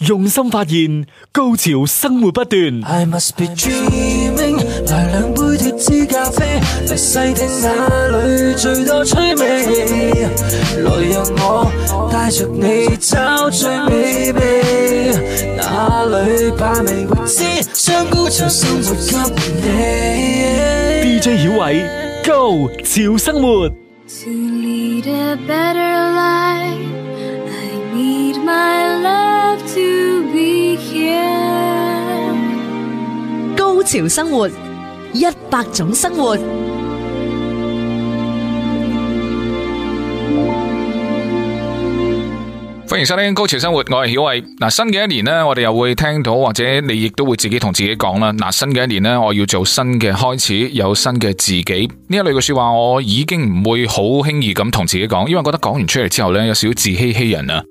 用心發現，高潮生活不斷。I must be dreaming，來兩杯脫脂咖啡，嚟細聽那裏最多趣味。來讓我帶着你找最美味，哪裏把味未知，將高潮生活給你。DJ 小偉，Go 潮生活。高潮生活，一百種生活。歡迎收聽《高潮生活》，我係曉慧。嗱，新嘅一年呢，我哋又會聽到，或者你亦都會自己同自己講啦。嗱，新嘅一年呢，我要做新嘅開始，有新嘅自己。呢一類嘅說話，我已經唔會好輕易咁同自己講，因為覺得講完出嚟之後呢，有少少自欺欺人啊。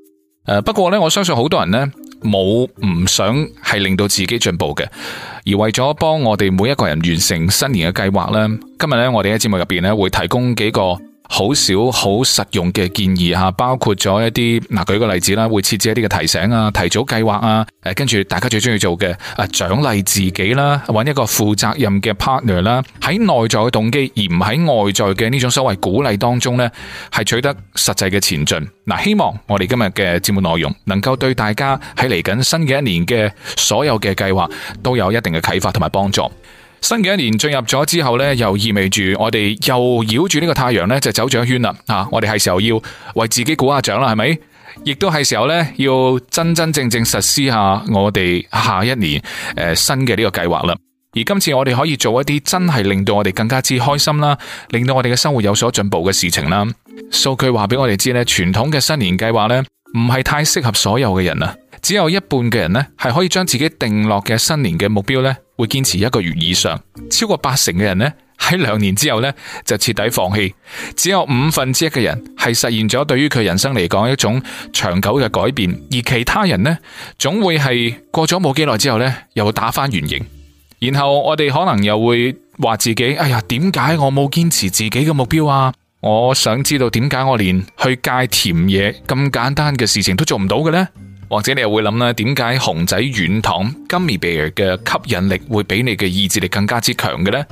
不過咧，我相信好多人咧，冇唔想係令到自己進步嘅，而為咗幫我哋每一個人完成新年嘅計劃咧，今日咧，我哋喺節目入邊咧會提供幾個。好少好實用嘅建議吓，包括咗一啲，嗱，舉個例子啦，會設置一啲嘅提醒啊，提早計劃啊，誒，跟住大家最中意做嘅誒，獎勵自己啦，揾一個負責任嘅 partner 啦，喺內在嘅動機而唔喺外在嘅呢種所謂鼓勵當中呢，係取得實際嘅前進。嗱，希望我哋今日嘅節目內容能夠對大家喺嚟緊新嘅一年嘅所有嘅計劃都有一定嘅啟發同埋幫助。新嘅一年進入咗之後呢，又意味住我哋又繞住呢個太陽呢，就走咗一圈啦。啊，我哋係時候要為自己鼓下掌啦，係咪？亦都係時候呢，要真真正正實施下我哋下一年誒、呃、新嘅呢個計劃啦。而今次我哋可以做一啲真係令到我哋更加之開心啦，令到我哋嘅生活有所進步嘅事情啦。數據話俾我哋知呢，傳統嘅新年計劃呢，唔係太適合所有嘅人啊。只有一半嘅人呢，係可以將自己定落嘅新年嘅目標呢，會堅持一個月以上。超過八成嘅人呢，喺兩年之後呢，就徹底放棄。只有五分之一嘅人係實現咗對於佢人生嚟講一種長久嘅改變，而其他人呢，總會係過咗冇幾耐之後呢，又打返原形。然後我哋可能又會話自己：「哎呀，點解我冇堅持自己嘅目標啊？我想知道點解我連去戒甜嘢咁簡單嘅事情都做唔到嘅呢？」或者你又會諗啦，點解熊仔軟糖、Gummy Bear 嘅吸引力會比你嘅意志力更加之強嘅呢？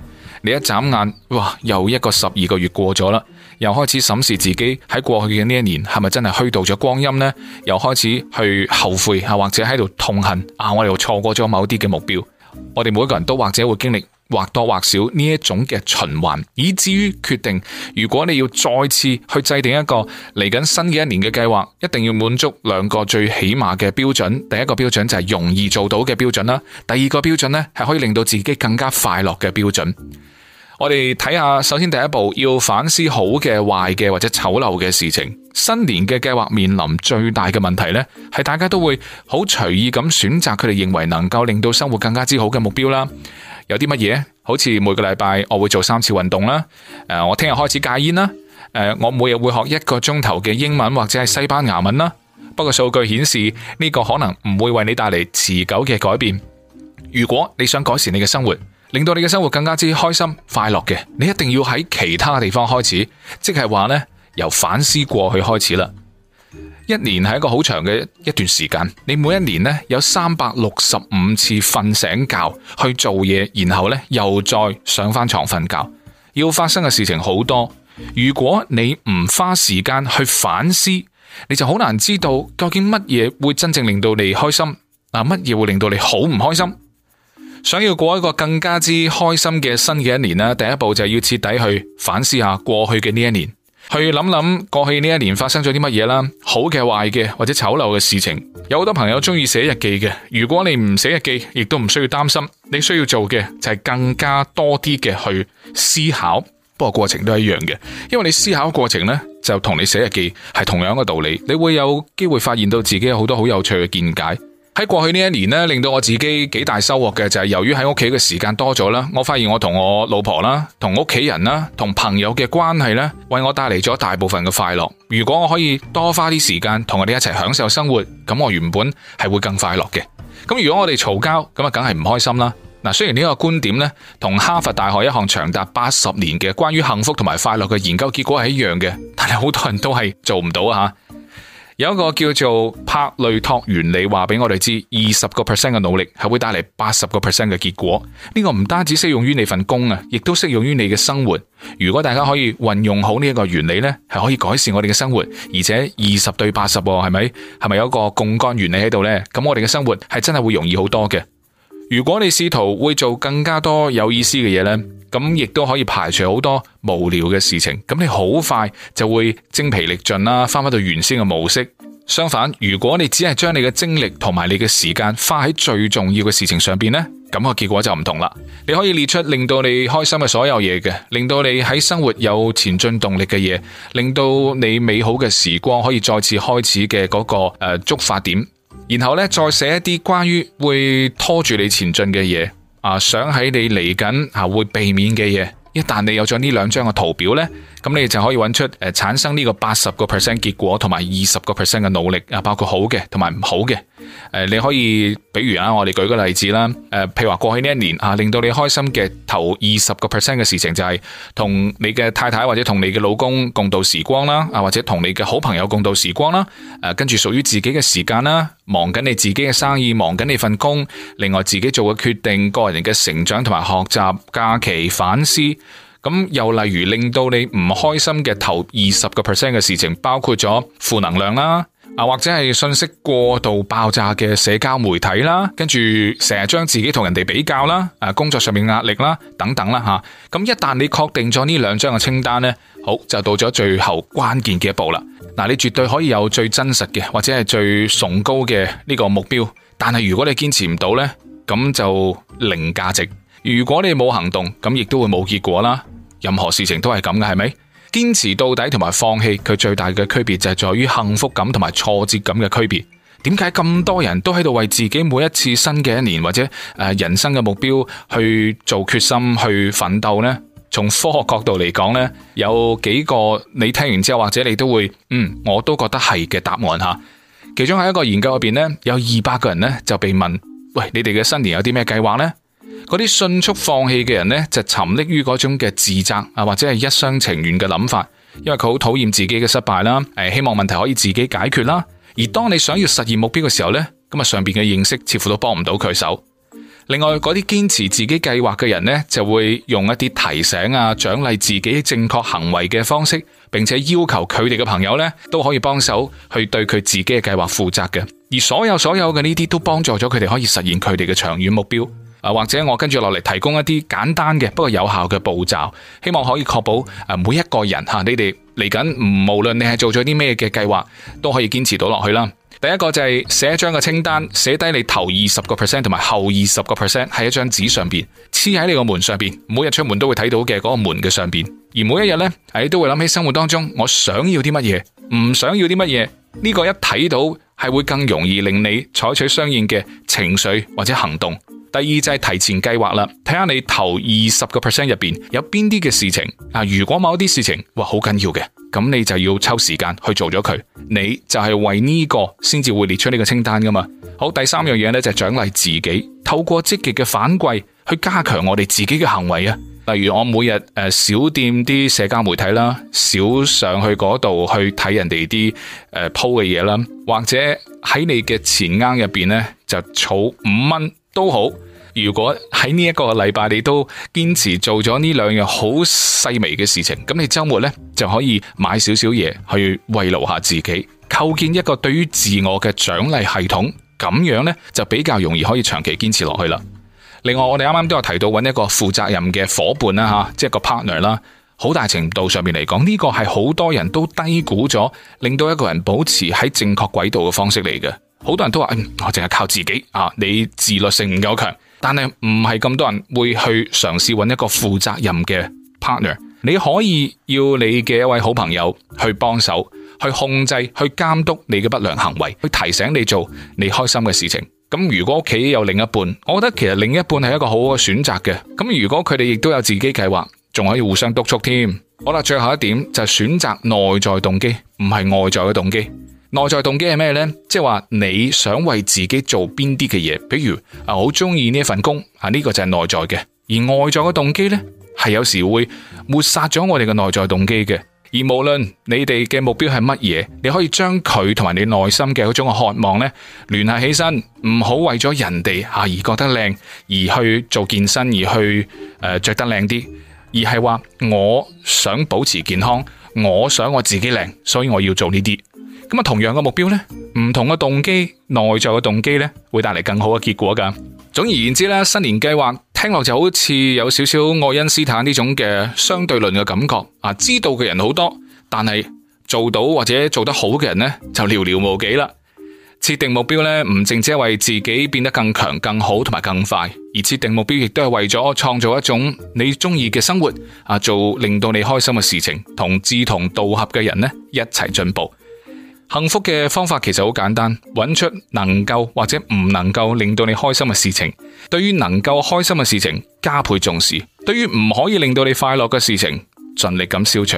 你一眨眼，哇，又一個十二個月過咗啦，又開始審視自己喺過去嘅呢一年係咪真係虛度咗光陰呢？又開始去後悔啊，或者喺度痛恨啊，我哋又錯過咗某啲嘅目標。我哋每一個人都或者會經歷。或多或少呢一種嘅循環，以至於決定如果你要再次去制定一個嚟緊新嘅一年嘅計劃，一定要滿足兩個最起碼嘅標準。第一個標準就係容易做到嘅標準啦，第二個標準咧係可以令到自己更加快樂嘅標準。我哋睇下，首先第一步要反思好嘅、壞嘅或者醜陋嘅事情。新年嘅計劃面臨最大嘅問題咧，係大家都會好隨意咁選擇佢哋認為能夠令到生活更加之好嘅目標啦。有啲乜嘢？好似每個禮拜我會做三次運動啦，誒，我聽日開始戒煙啦，誒，我每日會學一個鐘頭嘅英文或者係西班牙文啦。不過數據顯示呢個可能唔會為你帶嚟持久嘅改變。如果你想改善你嘅生活，令到你嘅生活更加之開心快樂嘅，你一定要喺其他地方開始，即係話呢，由反思過去開始啦。一年係一個好長嘅一段時間，你每一年呢，有三百六十五次瞓醒覺去做嘢，然後呢，又再上翻床瞓覺。要發生嘅事情好多，如果你唔花時間去反思，你就好難知道究竟乜嘢會真正令到你開心，啊乜嘢會令到你好唔開心。想要過一個更加之開心嘅新嘅一年咧，第一步就要徹底去反思下過去嘅呢一年。去諗諗過去呢一年發生咗啲乜嘢啦，好嘅、壞嘅或者醜陋嘅事情，有好多朋友中意寫日記嘅。如果你唔寫日記，亦都唔需要擔心。你需要做嘅就係更加多啲嘅去思考，不過過程都係一樣嘅。因為你思考過程咧，就同你寫日記係同樣嘅道理，你會有機會發現到自己有好多好有趣嘅見解。喺過去呢一年咧，令到我自己幾大收穫嘅就係由於喺屋企嘅時間多咗啦，我發現我同我老婆啦、同屋企人啦、同朋友嘅關係咧，為我帶嚟咗大部分嘅快樂。如果我可以多花啲時間同佢哋一齊享受生活，咁我原本係會更快樂嘅。咁如果我哋嘈交，咁啊梗係唔開心啦。嗱，雖然呢個觀點呢，同哈佛大學一項長達八十年嘅關於幸福同埋快樂嘅研究結果係一樣嘅，但係好多人都係做唔到啊。有一個叫做帕累托原理，話俾我哋知，二十個 percent 嘅努力係會帶嚟八十個 percent 嘅結果。呢個唔單止適用於你份工啊，亦都適用於你嘅生活。如果大家可以運用好呢一個原理呢，係可以改善我哋嘅生活，而且二十對八十，哦，係咪係咪有一個槓桿原理喺度呢？咁我哋嘅生活係真係會容易好多嘅。如果你試圖會做更加多有意思嘅嘢呢。咁亦都可以排除好多無聊嘅事情，咁你好快就會精疲力盡啦，翻翻到原先嘅模式。相反，如果你只係將你嘅精力同埋你嘅時間花喺最重要嘅事情上邊呢，咁個結果就唔同啦。你可以列出令到你開心嘅所有嘢嘅，令到你喺生活有前進動力嘅嘢，令到你美好嘅時光可以再次開始嘅嗰個誒觸發點。然後呢，再寫一啲關於會拖住你前進嘅嘢。啊！想喺你嚟緊啊，會避免嘅嘢，一旦你有咗呢兩張嘅圖表呢。咁你就可以揾出誒產生呢個八十個 percent 結果同埋二十個 percent 嘅努力啊，包括好嘅同埋唔好嘅。誒，你可以比如啦，我哋舉個例子啦。誒，譬如話過去呢一年啊，令到你開心嘅頭二十個 percent 嘅事情就係同你嘅太太或者同你嘅老公共度時光啦，啊，或者同你嘅好朋友共度時光啦。誒，跟住屬於自己嘅時間啦，忙緊你自己嘅生意，忙緊你份工，另外自己做嘅決定，個人嘅成長同埋學習，假期反思。咁又例如令到你唔開心嘅頭二十個 percent 嘅事情，包括咗負能量啦，啊，或者係信息過度爆炸嘅社交媒體啦，跟住成日將自己同人哋比較啦，啊，工作上面壓力啦等等啦吓。咁一旦你確定咗呢兩張嘅清單呢，好，就到咗最後關鍵嘅一步啦。嗱，你絕對可以有最真實嘅或者係最崇高嘅呢個目標，但係如果你堅持唔到呢，咁就零價值。如果你冇行動，咁亦都會冇結果啦。任何事情都係咁嘅，係咪？堅持到底同埋放棄，佢最大嘅區別就係在於幸福感同埋挫折感嘅區別。點解咁多人都喺度為自己每一次新嘅一年或者誒、呃、人生嘅目標去做決心去奮鬥呢？從科學角度嚟講呢，有幾個你聽完之後或者你都會嗯，我都覺得係嘅答案吓。其中喺一個研究入邊呢，有二百個人呢就被問：「喂，你哋嘅新年有啲咩計劃呢？」嗰啲迅速放棄嘅人呢，就沉溺於嗰種嘅自責啊，或者係一廂情願嘅諗法，因為佢好討厭自己嘅失敗啦。誒、呃，希望問題可以自己解決啦。而當你想要實現目標嘅時候呢，咁啊上邊嘅認識似乎都幫唔到佢手。另外，嗰啲堅持自己計劃嘅人呢，就會用一啲提醒啊、獎勵自己正確行為嘅方式，並且要求佢哋嘅朋友呢，都可以幫手去對佢自己嘅計劃負責嘅。而所有所有嘅呢啲都幫助咗佢哋可以實現佢哋嘅長遠目標。啊，或者我跟住落嚟提供一啲簡單嘅，不過有效嘅步驟，希望可以確保誒每一個人吓，你哋嚟緊，無論你係做咗啲咩嘅計劃，都可以堅持到落去啦。第一個就係寫一張嘅清單，寫低你頭二十個 percent 同埋後二十個 percent 喺一張紙上邊，黐喺你個門上邊，每日出門都會睇到嘅嗰個門嘅上邊。而每一日咧，誒都會諗起生活當中我想要啲乜嘢，唔想要啲乜嘢。呢個一睇到係會更容易令你採取相應嘅情緒或者行動。第二就係提前計劃啦，睇下你頭二十個 percent 入邊有邊啲嘅事情啊。如果某啲事情哇，好緊要嘅，咁你就要抽時間去做咗佢。你就係為呢個先至會列出呢個清單噶嘛。好，第三樣嘢呢就係獎勵自己，透過積極嘅反饋去加強我哋自己嘅行為啊。例如我每日誒少掂啲社交媒體啦，少上去嗰度去睇人哋啲誒 po 嘅嘢啦，或者喺你嘅錢罌入邊呢，就儲五蚊。都好，如果喺呢一個禮拜你都堅持做咗呢兩樣好細微嘅事情，咁你周末呢就可以買少少嘢去慰勞下自己，構建一個對於自我嘅獎勵系統，咁樣呢就比較容易可以長期堅持落去啦。另外，我哋啱啱都有提到揾一個負責任嘅夥伴啦，吓、啊，即係個 partner 啦，好大程度上面嚟講，呢、這個係好多人都低估咗，令到一個人保持喺正確軌道嘅方式嚟嘅。好多人都話、哎、我淨係靠自己啊！你自律性唔夠強，但係唔係咁多人會去嘗試揾一個負責任嘅 partner。你可以要你嘅一位好朋友去幫手，去控制，去監督你嘅不良行為，去提醒你做你開心嘅事情。咁如果屋企有另一半，我覺得其實另一半係一個好好嘅選擇嘅。咁如果佢哋亦都有自己計劃，仲可以互相督促添。好啦，最後一點就係選擇內在動機，唔係外在嘅動機。內在動機係咩呢？即係話你想為自己做邊啲嘅嘢，比如啊好中意呢份工啊，呢個就係內在嘅。而外在嘅動機呢，係有時會抹殺咗我哋嘅內在動機嘅。而無論你哋嘅目標係乜嘢，你可以將佢同埋你內心嘅嗰種渴望呢聯繫起身，唔好為咗人哋啊而覺得靚而去做健身而，而去誒着得靚啲，而係話我想保持健康，我想我自己靚，所以我要做呢啲。咁啊，同樣嘅目標呢，唔同嘅動機，內在嘅動機呢，會帶嚟更好嘅結果噶。總而言之咧，新年計劃聽落就好似有少少愛因斯坦呢種嘅相對論嘅感覺啊。知道嘅人好多，但係做到或者做得好嘅人呢，就寥寥無幾啦。設定目標呢，唔淨只係為自己變得更強、更好同埋更快，而設定目標亦都係為咗創造一種你中意嘅生活啊，做令到你開心嘅事情，同志同道合嘅人呢，一齊進步。幸福嘅方法其實好簡單，揾出能夠或者唔能夠令到你開心嘅事情。對於能夠開心嘅事情，加倍重視；對於唔可以令到你快樂嘅事情，盡力咁消除。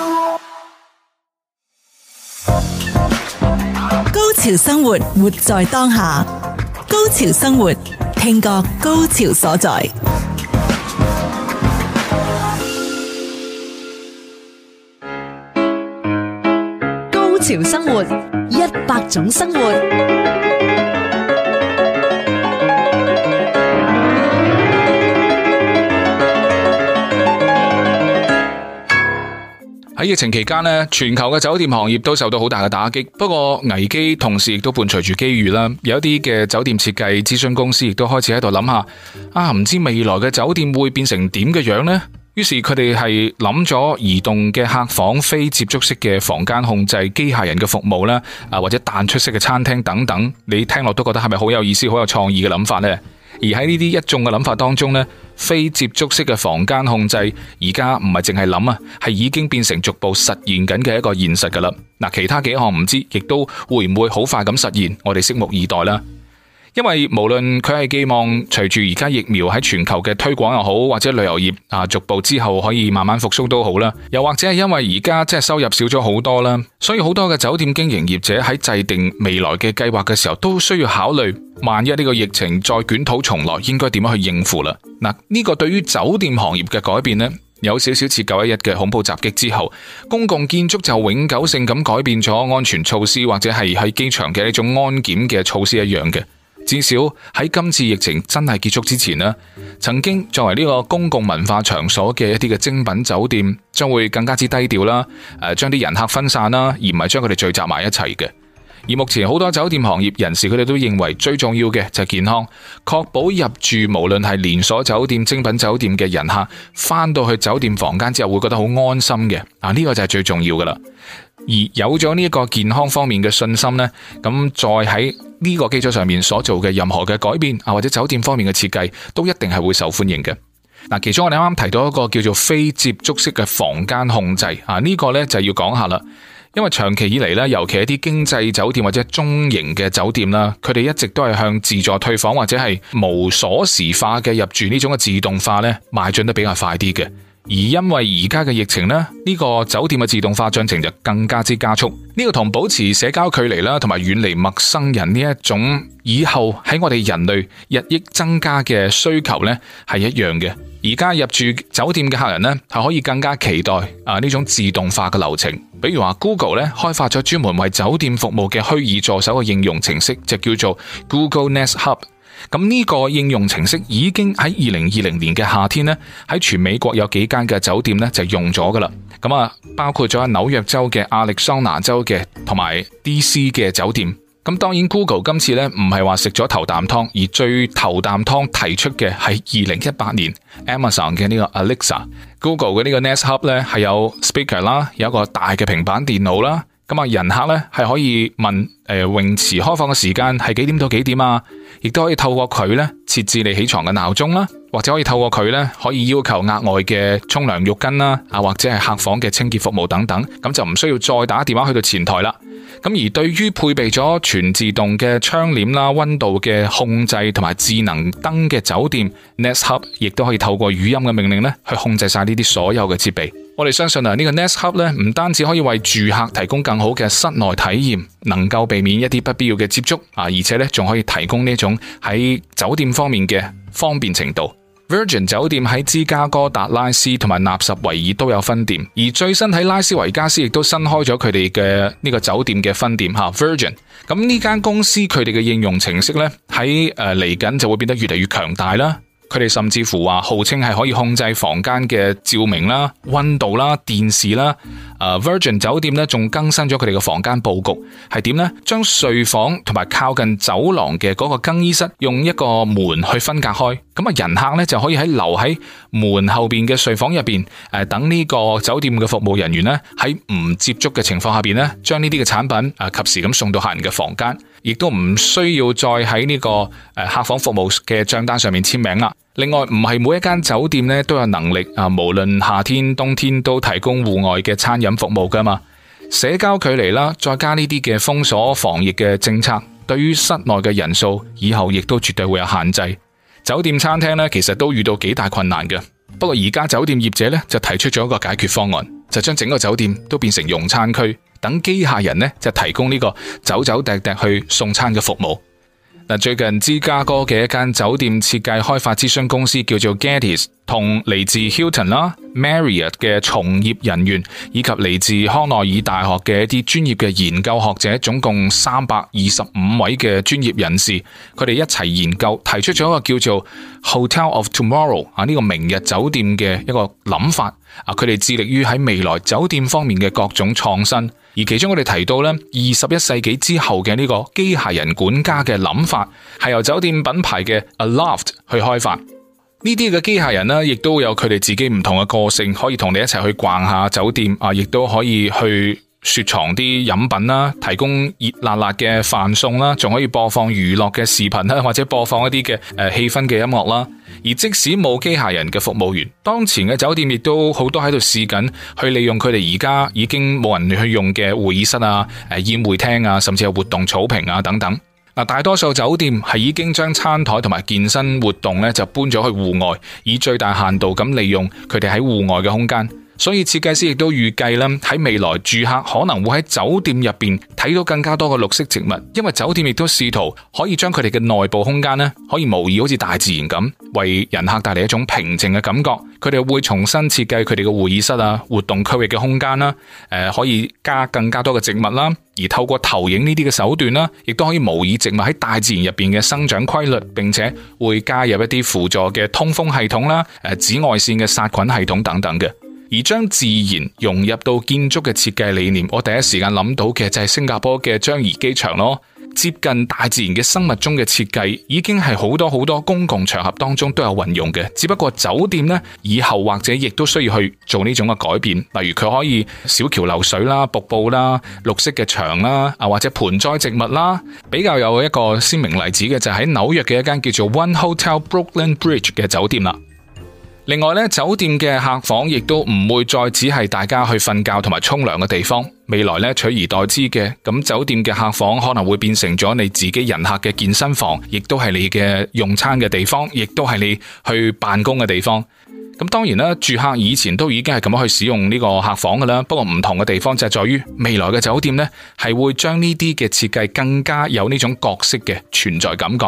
高潮生活，活在當下。高潮生活，聽覺高潮所在。高潮生活，一百種生活。喺疫情期間呢，全球嘅酒店行業都受到好大嘅打擊。不過危機同時亦都伴隨住機遇啦。有啲嘅酒店設計諮詢公司亦都開始喺度諗下，啊，唔知未來嘅酒店會變成點嘅樣呢？於是佢哋係諗咗移動嘅客房、非接觸式嘅房間控制、機械人嘅服務啦，啊，或者彈出式嘅餐廳等等。你聽落都覺得係咪好有意思、好有創意嘅諗法呢？而喺呢啲一眾嘅諗法當中呢，非接觸式嘅房間控制而家唔係淨係諗啊，係已經變成逐步實現緊嘅一個現實噶啦。嗱，其他幾項唔知亦都會唔會好快咁實現，我哋拭目以待啦。因為無論佢係寄望隨住而家疫苗喺全球嘅推廣又好，或者旅遊業啊，逐步之後可以慢慢復甦都好啦。又或者係因為而家即係收入少咗好多啦，所以好多嘅酒店經營業者喺制定未來嘅計劃嘅時候，都需要考慮萬一呢個疫情再捲土重來，應該點樣去應付啦。嗱，呢個對於酒店行業嘅改變呢，有少少似九一一嘅恐怖襲擊之後，公共建築就永久性咁改變咗安全措施，或者係喺機場嘅呢種安檢嘅措施一樣嘅。至少喺今次疫情真係結束之前咧，曾經作為呢個公共文化場所嘅一啲嘅精品酒店，將會更加之低調啦，誒，將啲人客分散啦，而唔係將佢哋聚集埋一齊嘅。而目前好多酒店行業人士佢哋都認為最重要嘅就係健康，確保入住無論係連鎖酒店、精品酒店嘅人客，返到去酒店房間之後會覺得好安心嘅。啊，呢個就係最重要噶啦。而有咗呢一個健康方面嘅信心呢，咁再喺呢個基礎上面所做嘅任何嘅改變啊，或者酒店方面嘅設計，都一定係會受歡迎嘅。嗱，其中我哋啱啱提到一個叫做非接觸式嘅房間控制啊，呢個呢就要講下啦。因為長期以嚟呢，尤其一啲經濟酒店或者中型嘅酒店啦，佢哋一直都係向自助退房或者係無鎖匙化嘅入住呢種嘅自動化呢，邁進得比較快啲嘅。而因為而家嘅疫情咧，呢個酒店嘅自動化進程就更加之加速。呢個同保持社交距離啦，同埋遠離陌生人呢一種以後喺我哋人類日益增加嘅需求呢係一樣嘅。而家入住酒店嘅客人呢，係可以更加期待啊呢種自動化嘅流程。比如話 Google 咧開發咗專門為酒店服務嘅虛擬助手嘅應用程式，就叫做 Google Nest Hub。咁呢個應用程式已經喺二零二零年嘅夏天呢，喺全美國有幾間嘅酒店呢就用咗噶啦。咁啊，包括咗阿紐約州嘅阿利桑拿州嘅同埋 D.C. 嘅酒店。咁當然 Google 今次呢唔係話食咗頭啖湯，而最頭啖湯提出嘅係二零一八年 Amazon 嘅呢個 Alexa，Google 嘅呢個 Nest Hub 呢係有 speaker 啦，有一個大嘅平板電腦啦。咁啊，人客咧係可以問誒泳池開放嘅時間係幾點到幾點啊？亦都可以透過佢咧設置你起床嘅鬧鐘啦，或者可以透過佢咧可以要求額外嘅沖涼浴巾啦，啊或者係客房嘅清潔服務等等。咁就唔需要再打電話去到前台啦。咁而對於配備咗全自動嘅窗簾啦、溫度嘅控制同埋智能燈嘅酒店，Nest Hub 亦都可以透過語音嘅命令咧去控制晒呢啲所有嘅設備。我哋相信啊，呢個 Nest Hub 咧唔單止可以為住客提供更好嘅室內體驗，能夠避免一啲不必要嘅接觸啊，而且咧仲可以提供呢種喺酒店方面嘅方便程度。Virgin 酒店喺芝加哥、達拉斯同埋納什維爾都有分店，而最新喺拉斯維加斯亦都新開咗佢哋嘅呢個酒店嘅分店吓。Virgin 咁呢間公司佢哋嘅應用程式呢喺誒嚟緊就會變得越嚟越強大啦，佢哋甚至乎話號稱係可以控制房間嘅照明啦、温度啦、電視啦。啊，Virgin 酒店咧仲更新咗佢哋嘅房間布局，係點呢？將睡房同埋靠近走廊嘅嗰個更衣室用一個門去分隔開，咁啊，人客咧就可以喺留喺門後邊嘅睡房入邊，誒，等呢個酒店嘅服務人員咧喺唔接觸嘅情況下邊咧，將呢啲嘅產品啊及時咁送到客人嘅房間，亦都唔需要再喺呢個誒客房服務嘅賬單上面簽名啦。另外，唔係每一間酒店咧都有能力啊，無論夏天、冬天都提供戶外嘅餐飲服務噶嘛。社交距離啦，再加呢啲嘅封鎖防疫嘅政策，對於室內嘅人數以後亦都絕對會有限制。酒店餐廳咧，其實都遇到幾大困難嘅。不過而家酒店業者咧就提出咗一個解決方案，就將整個酒店都變成用餐區，等機械人咧就提供呢個走走趯趯去送餐嘅服務。最近芝加哥嘅一間酒店設計開發諮詢公司叫做 Gettys 同嚟自 Hilton 啦、Marriott 嘅從業人員，以及嚟自康奈爾大學嘅一啲專業嘅研究學者，總共三百二十五位嘅專業人士，佢哋一齊研究，提出咗一個叫做 Hotel of Tomorrow 啊，呢個明日酒店嘅一個諗法。啊！佢哋致力於喺未來酒店方面嘅各種創新，而其中我哋提到咧，二十一世紀之後嘅呢個機械人管家嘅諗法，係由酒店品牌嘅 Aloft 去開發。呢啲嘅機械人咧，亦都有佢哋自己唔同嘅個性，可以同你一齊去逛下酒店啊，亦都可以去，雪藏啲飲品啦，提供熱辣辣嘅飯餸啦，仲可以播放娛樂嘅視頻啦，或者播放一啲嘅誒氣氛嘅音樂啦。而即使冇機械人嘅服務員，當前嘅酒店亦都好多喺度試緊去利用佢哋而家已經冇人去用嘅會議室啊、誒、呃、宴會廳啊，甚至係活動草坪啊等等。嗱、呃，大多數酒店係已經將餐台同埋健身活動咧就搬咗去戶外，以最大限度咁利用佢哋喺戶外嘅空間。所以，設計師亦都預計啦，喺未來住客可能會喺酒店入邊睇到更加多嘅綠色植物，因為酒店亦都試圖可以將佢哋嘅內部空間呢可以模擬好似大自然咁，為人客帶嚟一種平靜嘅感覺。佢哋會重新設計佢哋嘅會議室啊、活動區域嘅空間啦，誒，可以加更加多嘅植物啦，而透過投影呢啲嘅手段啦，亦都可以模擬植物喺大自然入邊嘅生長規律，並且會加入一啲輔助嘅通風系統啦、誒，紫外線嘅殺菌系統等等嘅。而將自然融入到建築嘅設計理念，我第一時間諗到嘅就係新加坡嘅樟宜機場咯。接近大自然嘅生物鐘嘅設計已經係好多好多公共場合當中都有運用嘅，只不過酒店呢，以後或者亦都需要去做呢種嘅改變，例如佢可以小橋流水啦、瀑布啦、綠色嘅牆啦啊，或者盆栽植物啦。比較有一個鮮明例子嘅就係喺紐約嘅一間叫做 One Hotel Brooklyn Bridge 嘅酒店啦。另外咧，酒店嘅客房亦都唔會再只係大家去瞓覺同埋沖涼嘅地方。未來咧，取而代之嘅，咁酒店嘅客房可能會變成咗你自己人客嘅健身房，亦都係你嘅用餐嘅地方，亦都係你去辦公嘅地方。咁當然啦，住客以前都已經係咁樣去使用呢個客房噶啦。不過唔同嘅地方就係在於未來嘅酒店呢，係會將呢啲嘅設計更加有呢種角色嘅存在感覺。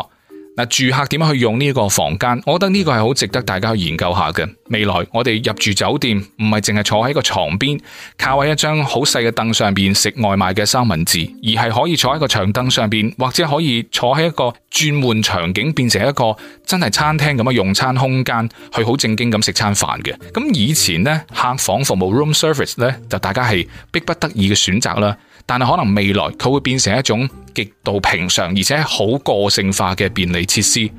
住客點樣去用呢個房間？我覺得呢個係好值得大家去研究下嘅。未來我哋入住酒店唔係淨係坐喺個床邊，靠喺一張好細嘅凳上邊食外賣嘅三文治，而係可以坐喺個長凳上邊，或者可以坐喺一個轉換場景，變成一個真係餐廳咁嘅用餐空間，去好正經咁食餐飯嘅。咁以前呢，客房服務 （room service） 呢，就大家係逼不得已嘅選擇啦。但係可能未來佢會變成一種極度平常而且好個性化嘅便利設施，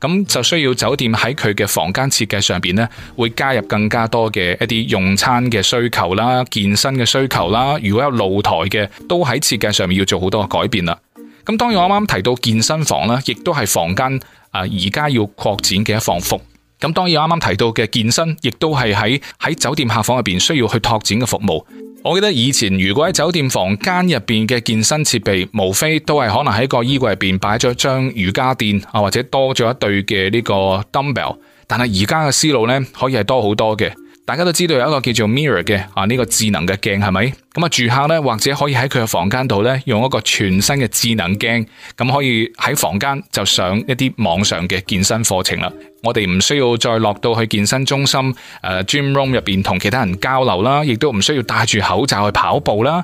咁就需要酒店喺佢嘅房間設計上邊咧，會加入更加多嘅一啲用餐嘅需求啦、健身嘅需求啦。如果有露台嘅，都喺設計上面要做好多嘅改變啦。咁當然我啱啱提到健身房啦，亦都係房間啊而家要擴展嘅一房服。咁當然我啱啱提到嘅健身，亦都係喺喺酒店客房入邊需要去拓展嘅服務。我記得以前如果喺酒店房間入邊嘅健身設備，無非都係可能喺個衣櫃入邊擺咗一張瑜伽墊啊，或者多咗一對嘅呢個 dumbbell。但係而家嘅思路呢，可以係多好多嘅。大家都知道有一個叫做 Mirror 嘅啊，呢、這個智能嘅鏡係咪？咁啊，住客呢，或者可以喺佢嘅房間度呢，用一個全新嘅智能鏡，咁可以喺房間就上一啲網上嘅健身課程啦。我哋唔需要再落到去健身中心誒、啊、，gym room 入邊同其他人交流啦，亦都唔需要戴住口罩去跑步啦。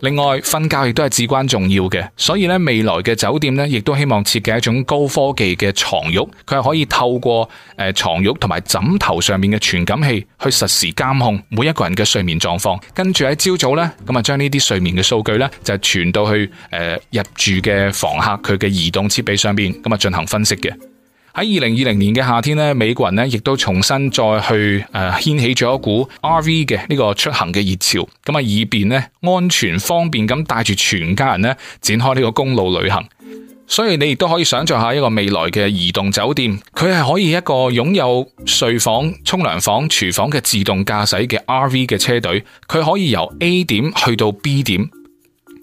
另外，瞓覺亦都係至關重要嘅，所以咧未來嘅酒店咧，亦都希望設計一種高科技嘅床褥，佢係可以透過誒牀褥同埋枕頭上面嘅傳感器去實時監控每一個人嘅睡眠狀況，跟住喺朝早咧，咁啊將呢啲睡眠嘅數據咧就傳到去誒、呃、入住嘅房客佢嘅移動設備上邊，咁啊進行分析嘅。喺二零二零年嘅夏天咧，美國人咧亦都重新再去誒掀起咗一股 RV 嘅呢個出行嘅熱潮，咁啊以便咧安全方便咁帶住全家人咧展開呢個公路旅行。所以你亦都可以想象下一個未來嘅移動酒店，佢係可以一個擁有睡房、沖涼房、廚房嘅自動駕駛嘅 RV 嘅車隊，佢可以由 A 點去到 B 點。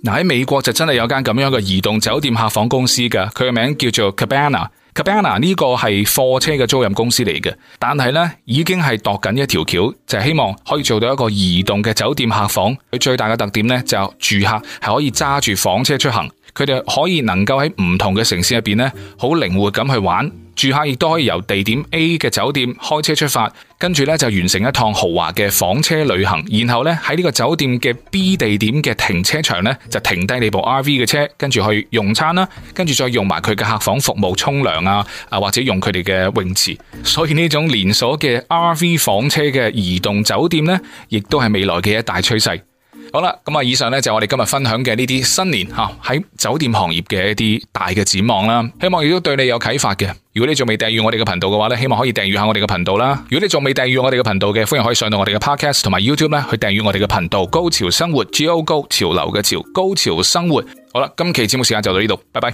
嗱，嗯，喺美國就真係有間咁樣嘅移動酒店客房公司噶，佢嘅名叫做 Cabana。Cabana 呢個係貨車嘅租賃公司嚟嘅，但係咧已經係度緊一條橋，就係希望可以做到一個移動嘅酒店客房。佢最大嘅特點咧，就住客係可以揸住房車出行，佢哋可以能夠喺唔同嘅城市入邊咧好靈活咁去玩。住客亦都可以由地點 A 嘅酒店開車出發，跟住咧就完成一趟豪華嘅房車旅行，然後咧喺呢個酒店嘅 B 地點嘅停車場咧就停低你部 RV 嘅車，跟住去用餐啦，跟住再用埋佢嘅客房服務、沖涼啊，啊或者用佢哋嘅泳池。所以呢種連鎖嘅 RV 房車嘅移動酒店咧，亦都係未來嘅一大趨勢。好啦，咁啊，以上呢就係我哋今日分享嘅呢啲新年吓喺酒店行業嘅一啲大嘅展望啦，希望亦都對你有啟發嘅。如果你仲未訂閱我哋嘅頻道嘅話呢，希望可以訂閱下我哋嘅頻道啦。如果你仲未訂閱我哋嘅頻道嘅，歡迎可以上到我哋嘅 podcast 同埋 YouTube 呢，去訂閱我哋嘅頻道。高潮生活 G O G O 潮流嘅潮，高潮生活。好啦，今期節目時間就到呢度，拜拜。